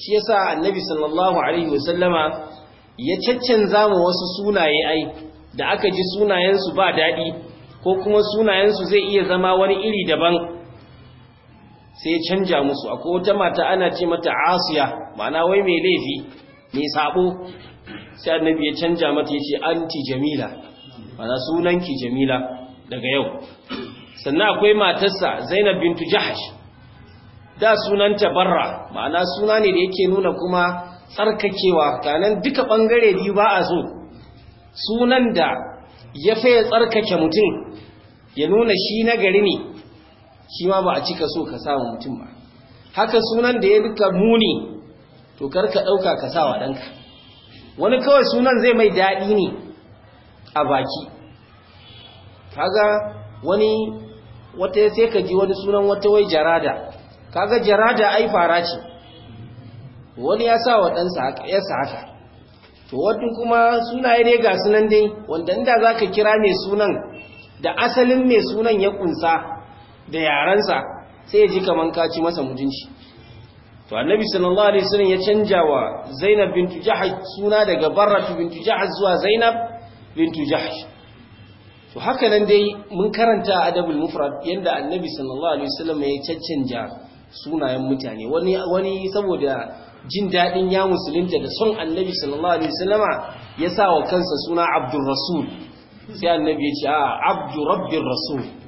shi ya sa annabi sallallahu alaihi wasallama ya caccanza mu wasu sunaye ai da aka ji sunayensu ba daɗi ko kuma sunayensu zai iya zama wani iri daban sai canja musu a wata mata ana ce mata asiya ma'ana wai mai laifi mai sabo sai annabi ya canja mata yace anti jamila ma'ana sunanki jamila daga yau sannan akwai matarsa zainab bintu jahash da sunanta barra ma'ana suna ne da yake nuna kuma tsarkakewa kanan duka bangare biyu ba a so sunan da ya faye tsarkake mutum ya nuna shi nagari ne shi ma ba a cika so ka sa wa mutum ba haka sunan da ya duka muni to kar ka ɗauka ka sa wa ɗanka wani kawai sunan zai mai daɗi ne a baki kaga wani wata sai ka ji wani sunan wata wai jarada kaga jarada ai fara ce wani ya sa wa ɗansa haka ya sa haka to wadda kuma sunaye dai ga sunan dai wanda inda za ka kira mai sunan da asalin mai sunan ya kunsa da yarensa sai ya ji kaman kaci masa mutunci to annabi sallallahu alaihi wasallam ya canja wa zainab bintu jahsh suna daga barrat bintu jahsh zuwa zainab bintu jahsh to haka nan dai mun karanta adabul mufrad yanda annabi sallallahu alaihi wasallam ya caccanja sunayen mutane wani wani saboda jin dadin ya musulunta da son annabi sallallahu alaihi wasallama ya sa wa kansa suna abdur rasul sai annabi ya ce a ah, abdu rabbir rasul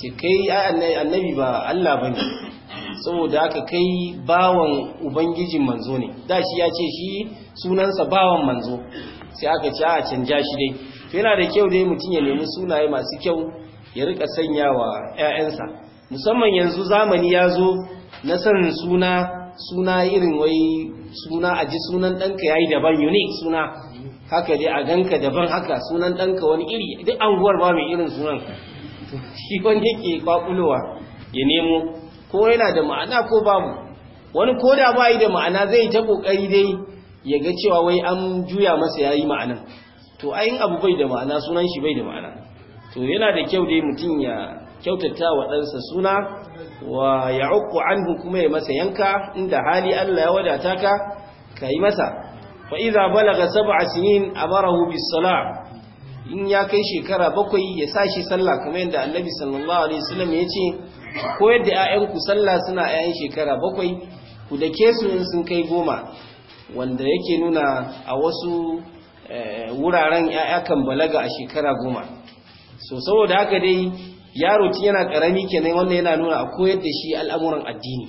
ce kai annabi ba Allah ba ne saboda aka kai bawan ubangijin manzo ne da shi ya ce shi sunansa bawan manzo sai aka ce a canja shi dai to yana da kyau dai mutum ya nemi sunaye masu kyau ya rika sanya wa 'ya'yansa musamman yanzu zamani ya zo na san suna suna irin wai suna a ji sunan ɗanka ya yi daban unique suna haka dai a ganka daban haka sunan ɗanka wani iri duk anguwar ba mai irin sunan shi wani yake kwakulowa ya nemo ko yana da ma'ana ko babu wani ko da bayi da ma'ana zai ta kokari dai ya ga cewa wai an juya masa yayi ma'ana to ayin abu bai da ma'ana sunan shi bai da ma'ana to yana da kyau dai mutum ya kyautata wa ɗansa suna wa ya uku anhu kuma ya masa yanka inda hali Allah ya wadata ka ka yi masa fa iza balaga sab'a sinin amarahu bis salat in ya kai shekara bakwai ya sa shi sallah kamar yadda annabi sallallahu alaihi wasallam ya ce ko yadda ku sallah suna 'ya'yan shekara bakwai ku da ke su in sun kai goma wanda yake nuna a wasu eh, wuraren 'ya'ya kan balaga a shekara goma so saboda haka dai yaro ci yana karami kenan wannan yana nuna a koyar da shi al'amuran addini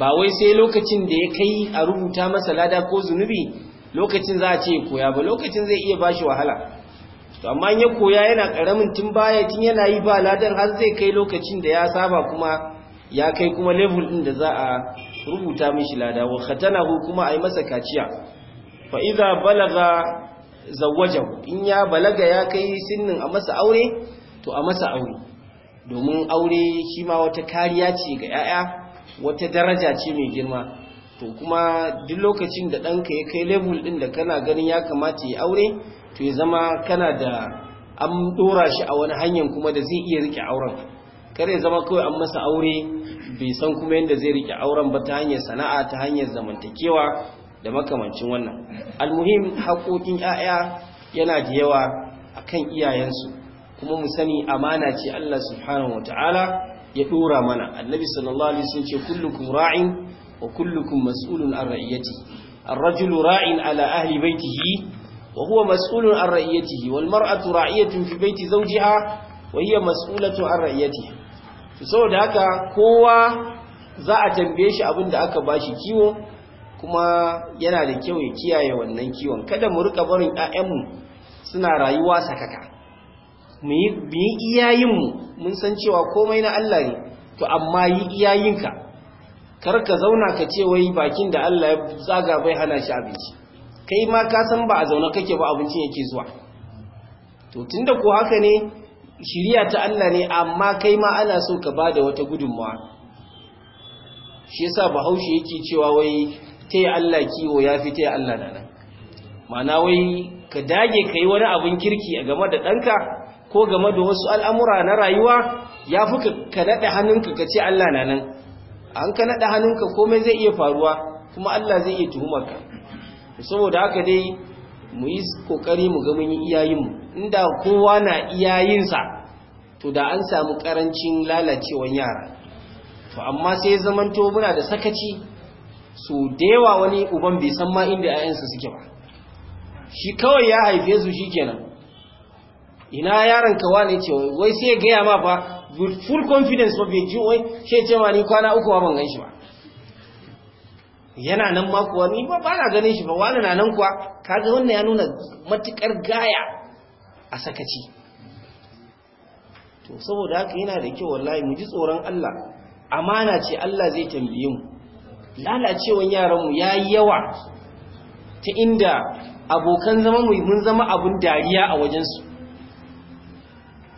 ba wai sai lokacin da ya kai a rubuta masa lada ko zunubi lokacin za a ce koya ba lokacin zai iya bashi wahala to amma in ya koya yana karamin tun baya tun yana yi ba ladan har zai kai lokacin da ya saba kuma ya kai kuma level din da za a rubuta mishi lada wa khatanahu kuma ai masa kaciya fa idza balaga zawajahu in ya balaga ya kai sinnin a masa aure to a masa aure domin aure shi ma wata kariya ce ga yaya wata daraja ce mai girma to kuma duk lokacin da ɗanka ya kai level ɗin da kana ganin ya kamata ya aure to ya zama kana da an dora shi a wani hanyar kuma da zai iya rike auren kar ya zama kawai an masa aure bai san kuma yadda zai rike auren ba ta hanyar sana'a ta hanyar zamantakewa da makamancin wannan almuhim haƙoƙin 'ya'ya yana da yawa a kan iyayensu kuma mu sani amana ce Allah subhanahu wa ta'ala ya ɗora mana annabi sallallahu alaihi wasallam ce kullukum ra'in wa kullukum mas'ulun an ra'iyati ar-rajulu ra'in ala ahli baitihi وهو مسؤول عن رعيته والمرأة راعية في بيت زوجها وهي مسؤولة عن رعيته saboda haka kowa za a tambaye shi abin da aka bashi kiwo kuma yana da kyau ya kiyaye wannan kiwon kada mu rika barin ƴaƴanmu suna rayuwa sakaka mu yi iyayenmu mun san cewa komai na Allah ne to amma yi ka kar ka zauna ka ce wai bakin da Allah ya tsaga bai hana shi abinci kai ma ka san ba a zaune kake ba abincin yake zuwa to tunda ko haka ne shiriya ta Allah ne amma kai ma ana so ka bada wata gudunmawa shi yasa bahaushe yake cewa wai tayi Allah kiwo yafi tayi Allah nana ma'ana wai ka dage kai wani abin kirki a game da danka ko game da wasu al'amura na rayuwa yafi ka nada hannunka ka ce Allah nanan an ka nada hannunka komai zai iya faruwa kuma Allah zai iya tuhumarka saboda haka dai mu yi kokari mu ga mun yi iyayenmu inda kowa na iyayensa to da an samu karancin lalacewan yara to amma sai zamanto muna da sakaci su dewa wani uban bai san ma inda yayansa suke ba shi kawai ya haife su shikenan ina yaron kawa ne ce wai sai ya gaya ma fa with full confidence ba bai ji wai ce ma ni kwana uku ba ban gan shi ba yana nan makuwa ni ba na ganin shi ba wani na nan kuwa kaga wannan ya nuna matukar gaya a sakaci to saboda haka yana da kyau wallahi mu ji tsoron Allah amana ce Allah zai tambaye mu lalacewan yaran mu yi yawa ta inda abokan zama mu mun zama abun dariya a wajensu.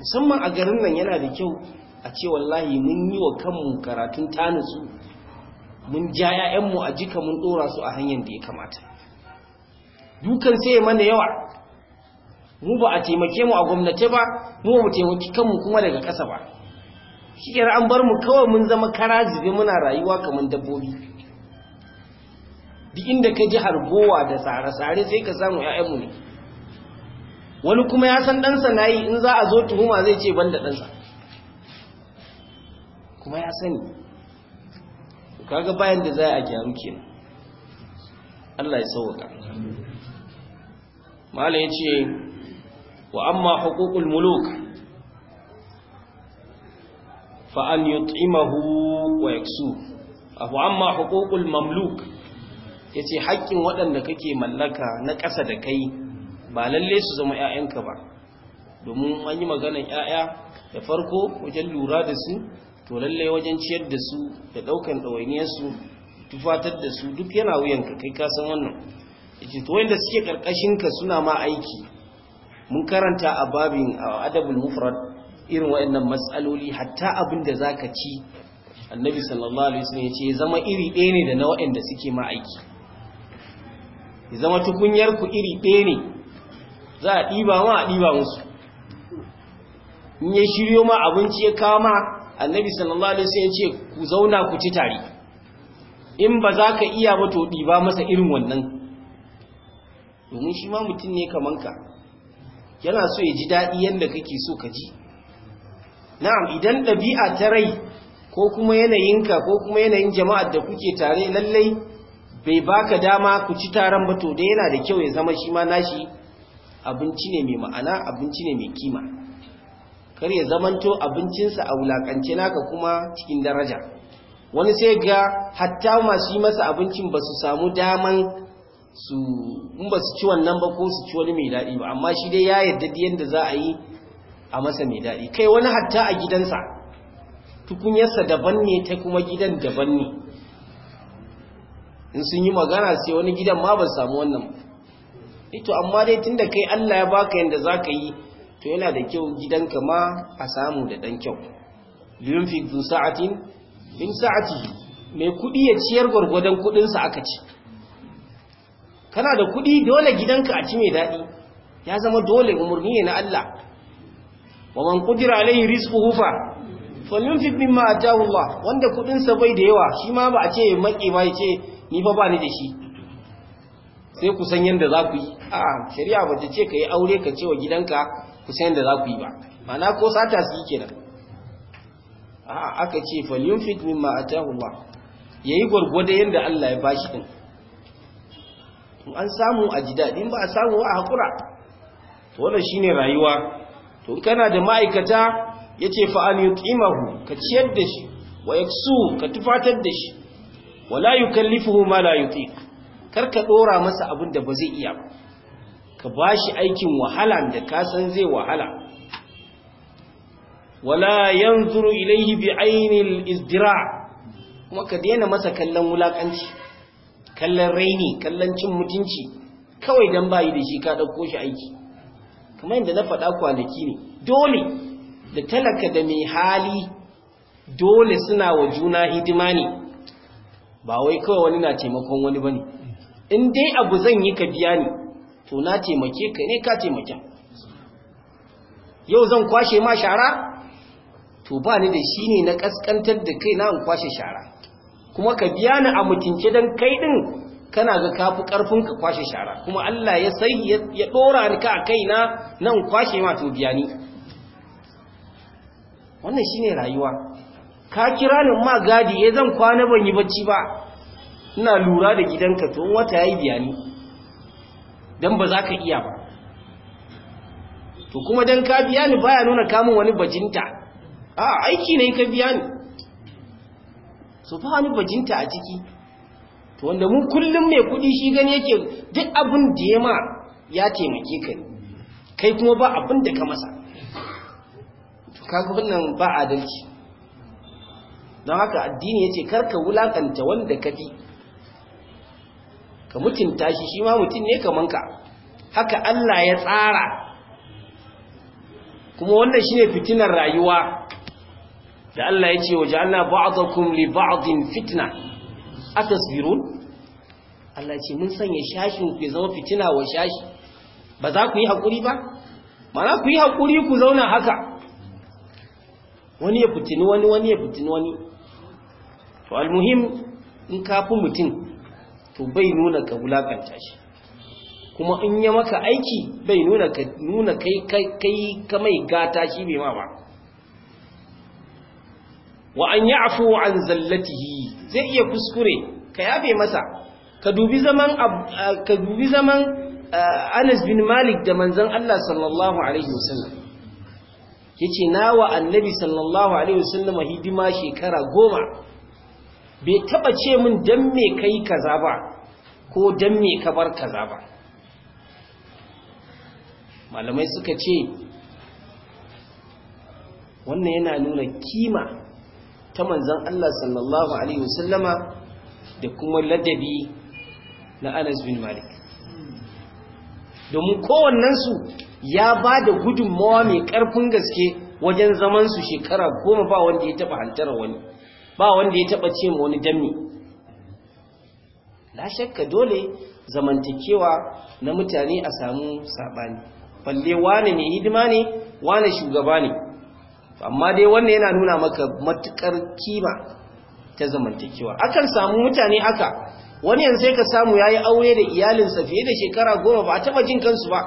musamman a garin nan yana da kyau a ce wallahi mun yi wa kanmu karatun tanutsu mun ja ‘ya'yanmu a jika mun ɗora su a hanyar da ya kamata dukan sai mana yawa mu ba a taimake mu a gwamnati ba mu ba mu taimaki kanmu kuma daga ƙasa ba shi an bar mu kawai mun zama kara zube muna rayuwa kamar dabbobi duk inda ka ji harbowa da tsare-tsare sai ka samu ‘ya'yanmu ne wani kuma ya san ɗansa na yi in za a zo tuhuma zai ce ban da ɗansa kuma ya sani kaga bayan da za a gyaru kenan Allah ya sauka malai ce wa amma huququl muluk fa an yut'imahu wa yaksu wa amma huququl mamluk yace haƙƙin waɗanda kake mallaka na ƙasa da kai ba lalle su zama 'ya'yanka ba domin an yi maganar ƴaƴa da farko wajen lura da su to lallai wajen ciyar da su da ɗaukan ɗawainiyarsu tufatar da su duk yana wuyanka kai kasan wannan yace to wanda suke ka suna ma aiki mun karanta a babin adabul mufrad irin waɗannan matsaloli hatta abin da zaka ci annabi sallallahu alaihi wasallam yace zama iri ɗaya ne da na waɗanda suke ma aiki ya zama tukunyar ku iri ɗaya ne za a ɗiba ma a ɗiba musu in ya shiryo ma abinci ya kama. annabi sallallahu alaihi wasallam ya ce ku zauna ku ci tare in ba za ka iya ba to diba masa irin wannan domin shi ma mutum ne kaman ka yana so ya ji daɗi yadda kake so ka ji na'am idan dabi'a ta rai ko kuma yanayin ka ko kuma yanayin jama'ar da kuke tare lallai bai baka dama ku ci taron ba to da yana da kyau ya zama shi ma nashi abinci ne mai ma'ana abinci ne mai kima kar ya zamanto abincinsa a wulakance naka kuma cikin daraja wani sai ga hatta masu yi masa abincin ba su samu daman su in ba su ci wannan ba ko su ci wani mai daɗi ba amma shi dai ya yarda da yadda za a yi a masa mai daɗi kai wani hatta a gidansa tukunyarsa daban ne ta kuma gidan daban ne in sun yi magana sai wani gidan ma ba samu wannan ba. ito eh amma dai tun da kai Allah ya baka yadda za ka yi to yana da kyau gidanka ma a samu da dan kyau yunfiq zu sa'atin sa'ati mai kudi ya ciyar gwargwadon kuɗinsa sa aka ci kana da kuɗi dole gidanka a ci mai daɗi. ya zama dole umurni ne na Allah wa man qadira alaihi rizquhu fa falyunfiq mimma ataahu Allah wanda kuɗinsa bai da yawa shi ma ba a ce maki ba ce ni fa ba ni da shi sai ku san yanda za ku yi a shari'a ba ta ce ka yi aure ka ce wa gidanka kusan da za ku yi ba mana ko sata su yi kenan a aka ce falin fit min ma atahu Allah yayi gurgurda yadda Allah ya bashi din to an samu a ji ba a samu a hakura to wannan shine rayuwa to kana da ma'aikata yace fa an yuqimahu ka ciyar da shi wa yaksu ka tufatar da shi wala yukallifuhu ma la Kar karka dora masa abin da ba zai iya ba ka ba shi aikin wahala da kasan zai wahala wala yanzuru ilaihi bi ainil izdira kuma ka daina masa kallon wulakanci kallon raini kallon cin mutunci kawai dan bayi da shi ka ɗauko shi aiki kamar yadda na faɗa kwanaki ne dole da talaka da mai hali dole suna wa juna hidima ne ba wai kawai wani na taimakon wani bane in dai abu zan yi ka biya ni to na taimake ka ne ka taimake yau zan kwashe ma shara to ba ni da shi ne na kaskantar da kai na in kwashe shara kuma ka biya ni a mutunce don kai din kana ga kafi karfin ka kwashe shara kuma Allah ya sai ya ɗora ni ka a kaina nan kwashe ma to biya ni wannan shi ne rayuwa ka kira ni ma gadi ya eh zan kwana ban yi bacci ba ina lura da gidanka to wata yayi biya ni don ba za ka iya ba to kuma don ka biya ni baya nuna kamun wani bajinta a aiki ne ka biya ni so fa wani bajinta a ciki to wanda mu kullum mai kudi shi gani yake duk abin da ya ma ya taimake ka kai kuma ba abin da ka masa to kaga wannan ba adalci don haka addini yace karka wulakanta wanda ka fi ka mutunta shi shi ma mutum ne kamar ka haka Allah ya tsara kuma wannan shi ne fitinar rayuwa da Allah ya ce wa ja'alna ba'dakum li fitina, fitna tasbirun Allah ya ce mun sanya shashin ku zama fitina wa shashi ba za ku yi haƙuri ba mana ku yi haƙuri ku zauna haka wani ya fitini wani wani ya fitini wani to almuhim in kafin mutum to bai nuna ka wulakanta shi kuma in ya maka aiki bai nuna ka nuna kai kai ka mai gata shi bai ma ba wa an ya'fu an zallatihi zai iya kuskure ka yafe masa ka dubi zaman ka dubi zaman eh, Anas bin Malik da Manzan Allah sallallahu alaihi wasallam na wa annabi sallallahu alaihi wasallam hidima shekara goma bai taba ce min dan me yi kaza ba ko dan me ka bar kaza ba malamai suka ce wannan yana nuna kima ta manzon Allah sallallahu alaihi wasallama da kuma ladabi na Anas bin Malik domin kowannensu ya ba da gudunmawa mai ƙarfin gaske wajen zamansu shekara goma ba wanda ya taɓa hantar wani ba wanda ya taba ce ma wani danmi la shakka dole zamantakewa na mutane a samu sabani balle wane ne hidima ne wane shugaba ne amma dai wannan yana nuna maka matukar kima ta zamantakewa akan samu mutane aka, wani yanzu sai ka samu yayi aure da iyalinsa fiye da shekara goma ba a taba jin kansu ba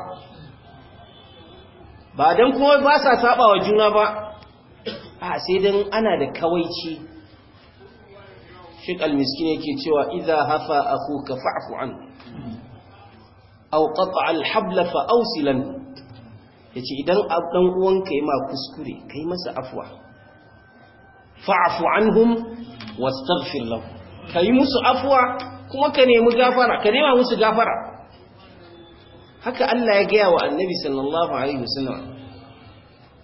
ba dan kuma ba sa tabawa juna ba a sai dan ana da kawaici shiq al-miskin yake cewa idza hafa akhuka fa'fu an aw qata al-habla fa awsilan yace idan dan uwanka yayi ma kuskure kai masa afuwa. afwa fa'fu anhum wastaghfir Ka yi musu afuwa kuma ka nemi gafara ka nema musu gafara haka Allah ya gaya wa annabi sallallahu alaihi wasallam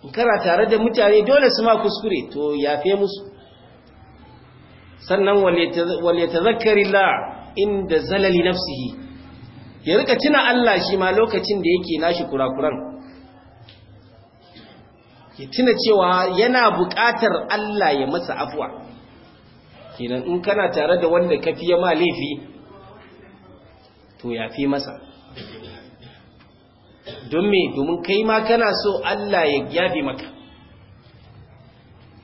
in kana tare da mutane dole su ma kuskure to yafe musu sannan wale ta la inda zalali nafsihi ya rika tuna Allah shi ma lokacin da yake nashi kurakuran ya tuna cewa yana buƙatar Allah ya masa afuwa kenan in kana tare da wanda ka fiye ma laifi to ya fi masa don domin kai ma kana so Allah ya yafe maka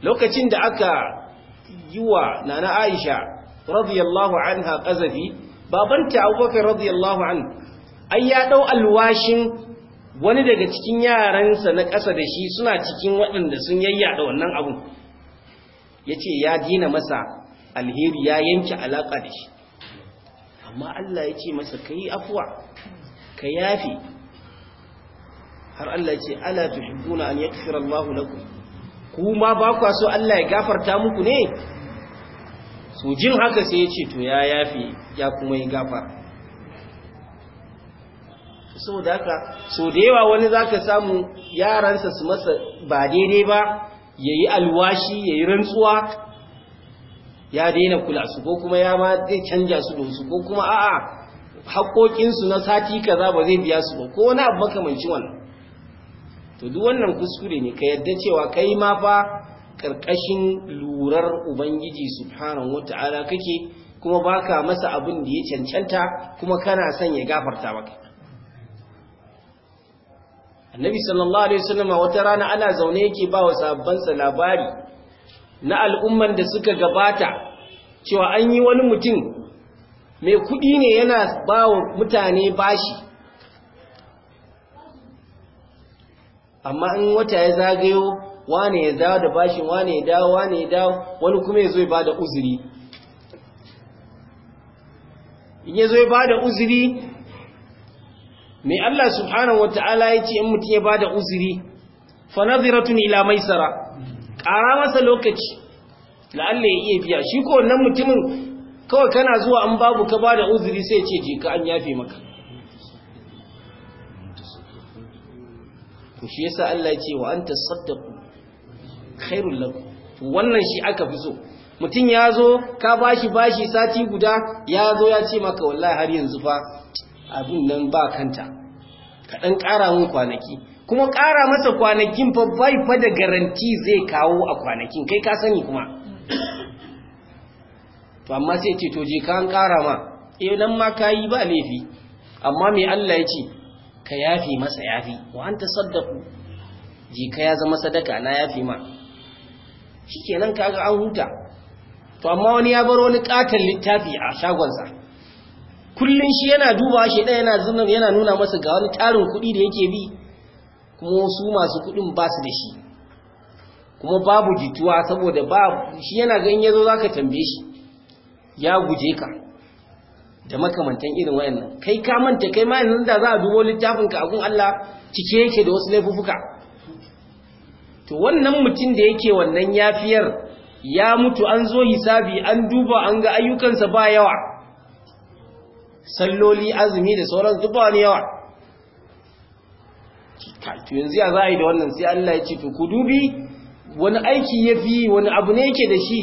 lokacin da aka yiwa na na Aisha radiyallahu anha qazafi babanta Abubakar radiyallahu an ai ya dau alwashin wani daga cikin yaransa na ƙasa da shi suna cikin waɗanda sun yayyada wannan abun yace ya dina masa alheri ya yanke alaka da shi amma Allah yace masa kai afwa ka yafi har Allah yace ala tuhibbuna an yaghfira Allahu lakum kuma ba kwa so Allah ya gafarta muku ne su jin haka sai ya ce to ya yafi ya kuma yi gafara so da haka so da yawa wani zaka samu yaransa su masa ba daidai ba yayi alwashi yayi rantsuwa ya daina kula su ko kuma ya ma zai canja su don su ko kuma a'a haƙoƙinsu na sati kaza ba zai biya su ba ko wani abu makamancin wannan to duk wannan kuskure ne ka yadda cewa kai ma fa karkashin lurar ubangiji subhanahu wata'ala kake kuma baka masa abin da ya cancanta kuma kana son ya gafarta maka annabi sallallahu alaihi wasallam wata rana ana zaune yake ba wa sa labari na al'umman da suka gabata cewa an yi wani mutum mai kuɗi ne yana ba wa mutane bashi amma in wata ya zagayo wane ya dawo da bashin wane ya dawo wane ya dawo wani kuma ya zo ba da uzuri in ya zo ba da uzuri mai Allah subhanahu wa ta'ala ya ce in mutum ya ba da uzuri fanaziratun ila sara? ƙara masa lokaci la'alla ya iya biya shi ko wannan mutumin kawai kana zuwa an babu ka ba da uzuri sai ce je ka an yafe maka to shi yasa Allah ya ce wa anta saddaqu khairul lakum to wannan shi aka fi so mutum ya zo ka bashi bashi sati guda ya zo ya ce maka wallahi har yanzu fa abin nan ba kanta ka dan ƙara mun kwanaki kuma ƙara masa kwanakin fa bai fa da garanti zai kawo a kwanakin kai ka sani kuma to amma sai ce to je ka an ƙara ma eh nan ma kayi ba laifi amma me Allah ya ce ka yafi masa yafi wa an ji ka ya zama sadaka na yafi ma shikenan kaga an huta to amma wani ya bar wani katon littafi a shagonsa kullun shi yana duba shi ɗaya yana zunan yana nuna masa ga wani tarin kuɗi da yake bi kuma su masu kuɗin ba su da shi kuma babu jituwa saboda ba shi yana ganin yazo zaka tambaye shi ya guje ka da makamantan irin wayannan kai ka manta kai ma yanzu da za a dubo littafin ka agun Allah cike yake da wasu laifuka to wannan mutum da yake wannan yafiyar ya mutu an zo hisabi an duba an ga ayyukansa ba yawa salloli azumi da sauran duk ba yawa to yanzu ya za a yi da wannan sai Allah ya ce to ku dubi wani aiki ya fi wani abu ne yake da shi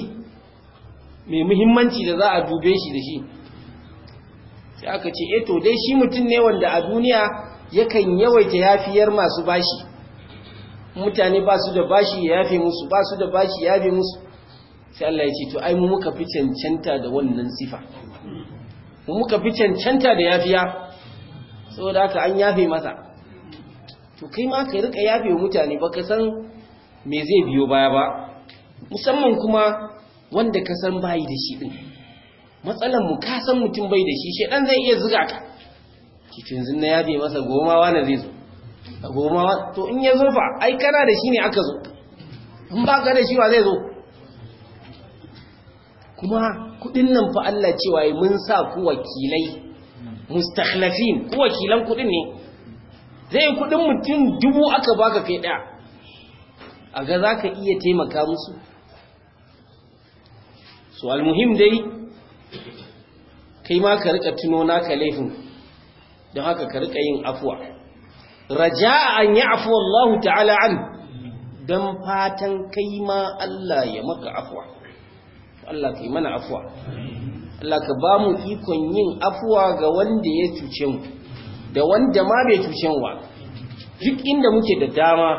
mai muhimmanci da za a dube shi da shi sai aka ce eto eh, dai shi mutum ne wanda a duniya yakan yawaita yafiyar masu bashi mutane ba su da bashi ya yafe musu ba su da bashi ya yafe musu sai Allah ya ce to ai mu muka fi cancanta da wannan sifa mu muka fi cancanta da yafiya saboda haka an yafe masa to kai ma ka rika yafe mutane ba ka san me zai biyo baya ba musamman kuma wanda ka san bayi da shi din matsalan mu ka san mutum bai da shi shedan zai iya zuga ka kitin zinna ya je masa goma wani zai zo a goma to in ya zo fa ai kana da shi ne aka zo in ba ka da shi wa zai zo kuma kudin nan fa Allah cewa mun sa ku wakilai mustakhlafin ku wakilan kudin ne zai kudin mutum dubu aka baka kai daya a ga zaka iya taimaka musu so almuhim dai kai ma ka rika tuno ka laifin don haka ka rika yin afuwa raja an yi afuwa Allah ta'ala an don fatan kai ma Allah ya maka afuwa Allah ka yi mana afuwa Allah ka ba mu ikon yin afuwa ga wanda ya cuce mu da wanda ma bai cuce wa duk inda muke da dama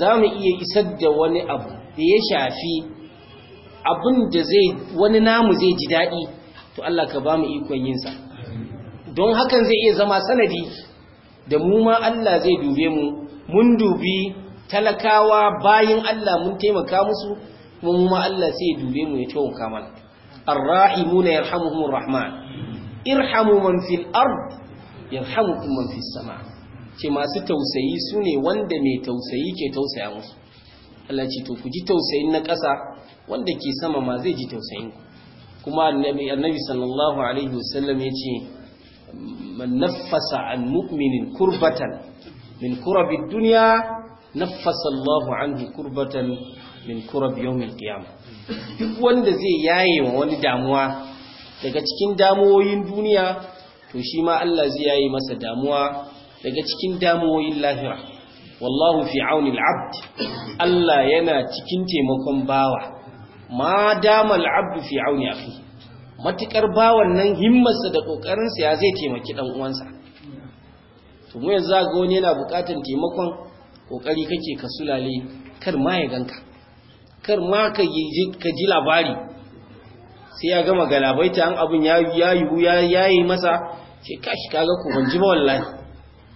za mu iya isar da wani abu da ya shafi abin da zai wani namu zai ji daɗi to Allah ka ba mu ikon yinsa don hakan zai iya zama sanadi da mu ma Allah zai dube mu mun dubi talakawa bayin Allah mun taimaka musu mu ma Allah sai ya dube mu ya taimaka mana arrahimuna yarhamuhumur rahman irhamu man fil ard yarhamukum man fis sama ce masu tausayi sune wanda mai tausayi ke tausaya musu Allah ce to ku ji tausayin na ƙasa wanda ke sama ma zai ji tausayin kuma annabi sallallahu alaihi wasallam ya ce man naffasa an mu'minin kurbatan min kurabi duniya naffasa Allahu anhu kurbatan min kurabi yawmin qiyama duk wanda zai yaye wa wani damuwa daga cikin damuwoyin duniya to shi ma Allah zai yaye masa damuwa daga cikin damuwoyin lahira wallahu fi auni al-abd Allah yana cikin taimakon bawa ma dama al'abdu fi auni akhi matukar bawan nan himmarsa da ƙoƙarinsa ya zai taimaki ɗan uwansa to mu yanzu ga wani yana buƙatar taimakon kokari kake ka sulale kar ma ya ganka kar ma ka ji labari sai ya gama galabaita an abun ya ya yi masa ke kashi kaga ku ban ji ba wallahi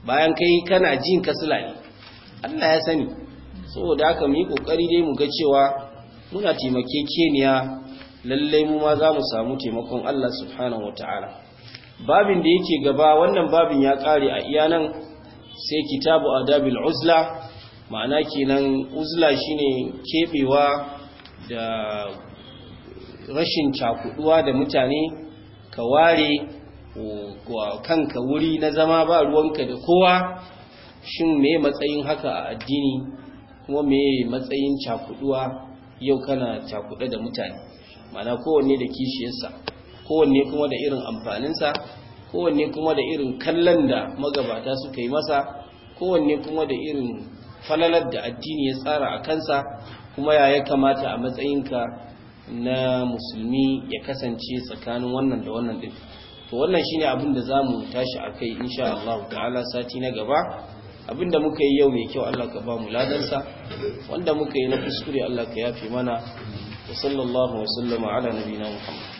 bayan kai kana jin ka sulale Allah ya sani saboda haka mu yi kokari dai mu ga cewa muna taimake keniya, lallai mu ma za mu samu taimakon Allah subhanahu wataala babin da yake gaba wannan babin ya kare a iyanan sai kitabu adabil uzla ma'ana kenan uzla shine kebewa da rashin cakuduwa da mutane ka ware kanka wuri na zama ba ruwanka da kowa shin me matsayin haka a addini kuma me matsayin cakuduwa yau kana cakuɗe da mutane mana kowanne da kishiyarsa kowanne kuma da irin amfaninsa kowanne kuma da irin kallon da magabata suka yi masa kowanne kuma da irin falalar da addini ya tsara a kansa kuma ya ya kamata a matsayinka na musulmi ya kasance tsakanin wannan da wannan din to wannan shine abin da zamu tashi a kai insha Allah ta'ala sati na gaba abinda muka yi yau mai kyau Allah ka ba mu ladansa wanda muka yi na kuskure Allah ka yafe mana wa sallallahu wa sallama ala nabiyina muhammad